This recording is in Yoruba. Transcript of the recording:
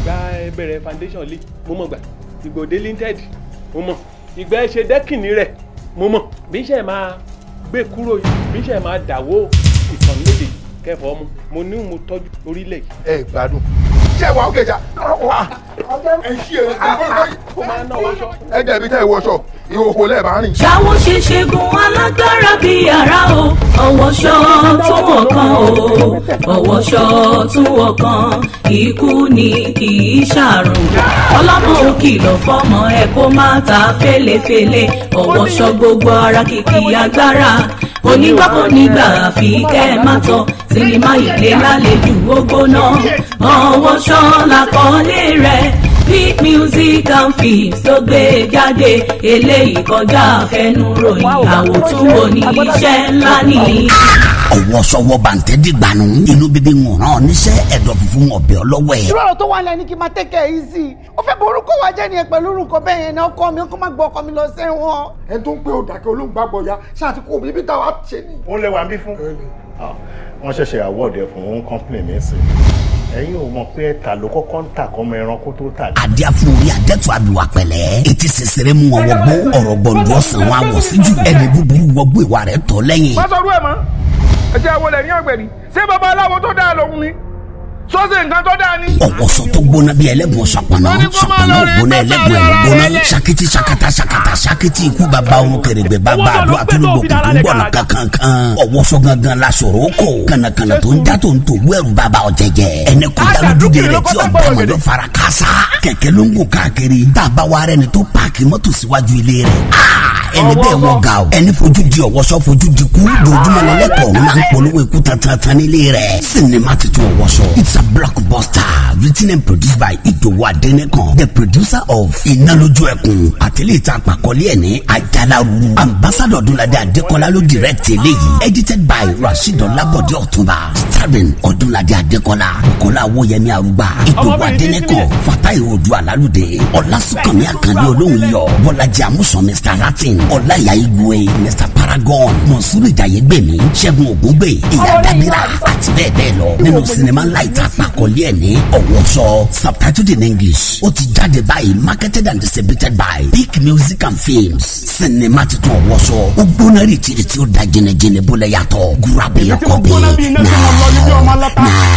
ìgbà ẹbẹ̀rẹ̀ foundation lé mo mọ̀ gbà ìgbò dé linted mo mọ̀ ìgbà ẹ ṣe dẹ́kìnì mo mọ̀ bí iṣẹ́ máa gbé kúrò bí iṣẹ́ máa dàwó ìtàn lóde kẹfọ́ mu mo ní mo tọ́jú orílẹ̀ yìí. ẹ gbádùn ṣé wàá ó kẹjà ẹ ṣí ẹ kó máa ná wọṣọ. ẹ jẹ̀bi tẹ́ ẹ wọṣọ ìhòòhò lẹ́ẹ̀bá ṣàwọn ṣe ṣègùn alágbára bíi yàrá o ọ̀wọ́ṣọ́ tó wọ̀ kan ọwọ́ ṣọ́ọ̀tún ọ̀kan ikú ni kì í ṣàrùn ọlọ́mọ ò kìlọ̀ fọ́mọ ẹ̀ kó má ta fẹ́lẹ́fẹ́lẹ́ ọwọ́ ṣọ́ gbogbo ara kìkì agbára onígbàkọ́ nígbà fi kẹ́ ẹ má tọ́ sinimá ìlé lálejò ó gbóná ọwọ́ ṣọ́ làkọ́lé rẹ̀ beat music and films tó gbé jáde eléyìí kọjá àfẹnuròyìn àwòtúnwò ní iṣẹ́ ńlá ni. ọwọ́ sọwọ́ bàǹtẹ́ dìgbànú inú bíbí ń ràn níṣẹ́ ẹ̀dọ̀ fífún ọ̀bẹ ọlọ́wọ́ ẹ̀. ìrọ̀rọ̀ tó wà lẹ́ni kí n máa tẹ́kẹ̀ yìí sí i ó fẹ́ borúkọ wa jẹ́ ni ẹ̀ pẹ̀lú orúkọ bẹ́ẹ̀ yẹn náà ọkọ mi kó má gbọ́ ọkọ mi lọ sẹ́wọ̀n. ẹ tó ń pé òdàkẹ́ olóńgbàgbọ̀ ya ṣáà ti kó omi ibi táwa ṣe ni. ó lẹ́wà ń bí fún. Ah, wọ́n ṣẹ̀ṣẹ̀ àwọ̀dẹ̀ fún company ẹ̀yin ò mọ̀ pé ẹ̀ta ló kọ́kọ́ ń tà kọ́mọ ẹranko tó tà. adé afúnwí adẹ́tù abiwa pẹ̀lẹ́ etí sẹsẹrẹ mú wọn wọgbó ọ̀rọ̀ gbọ̀ndú ọ̀sán wọn àwọ̀ síjú ẹni búburú wọgbó ìwà rẹ̀ tọ́ lẹ́yìn. wọ́n sọ ọdún ẹ̀ mọ́ ẹ jẹ́ àwọlẹ̀ ní ọ̀gbẹ̀rì ṣé babaláwo tó dáa lòun ni sọ́sẹ̀ nǹkan tó dáa ni. ọ̀wọ́sọ tó gbóná bí ẹlẹ́gùn ṣàpànà ṣàpànà ògbóná ẹlẹ́gùn ẹ̀rọ̀gbóná sakiti sakata sakata sakiti ikú bàbá òun kẹrẹgbẹ bàbá àdó àtúndò kò tó ń bọ̀nà kankan ọ̀wọ́sọ gangan la sọ̀rọ̀ o kò kànàkànà tó ń já tó ń tó wẹ́rù bàbá ọ̀jẹ̀jẹ̀ ẹni kò dálójú de rẹ tí ọ̀dàmọ̀ ló fara kásá kẹ̀kẹ́ ló ń gùn káàkiri ẹni bẹ́ẹ̀ wọ ga o ẹni fojú di ọ̀wọ́sọ fojú di kú dojúmọ́ lọ́lẹ́kọ̀ọ́ máa ń polówó ikú tantan nílé rẹ̀ sinimá ti tún ọ̀wọ́sọ Africa blockbuster written and produced by Idowu Adenekan the producer of Iná lójú ẹkùn àtẹlẹ ìta àpàkọlé ẹ ní Ajalaru ambassador Ọdúnladé Adékọlá ló direct eléyìí edited by Rasheed Olabode Ọ̀túnba starring Ọdúnladé Adékọlá Kọ́lá Owóyẹmí Aruba. Idowu Adenekan Fatai Odu Alálùdé Ọlásùnkànmí Àkàndé Olóhùn Iyọ̀ Bọ́lájí Amúsàn Mr Latin Ọláyà Igwe Mr Paragon Mọ̀súrù Ìjàyẹ̀gbẹ̀mí Ṣẹ́gun Ògúngbè Ìyá Dábírà àti bẹ́ẹ̀ bẹ́ẹ̀ nínú sinimá láìta àpàkọ́lé ẹ̀ ní ọ̀wọ́ sọ subtitled in English ó ti jáde báyìí marketed and distributed by Big Music and Films sinimá titun ọ̀wọ́ sọ ó gbóná rìtìrìtì ó da jìnnìjìnnì bó lẹ yàtọ̀ gúrábì ọkọ̀ bíi náà náà.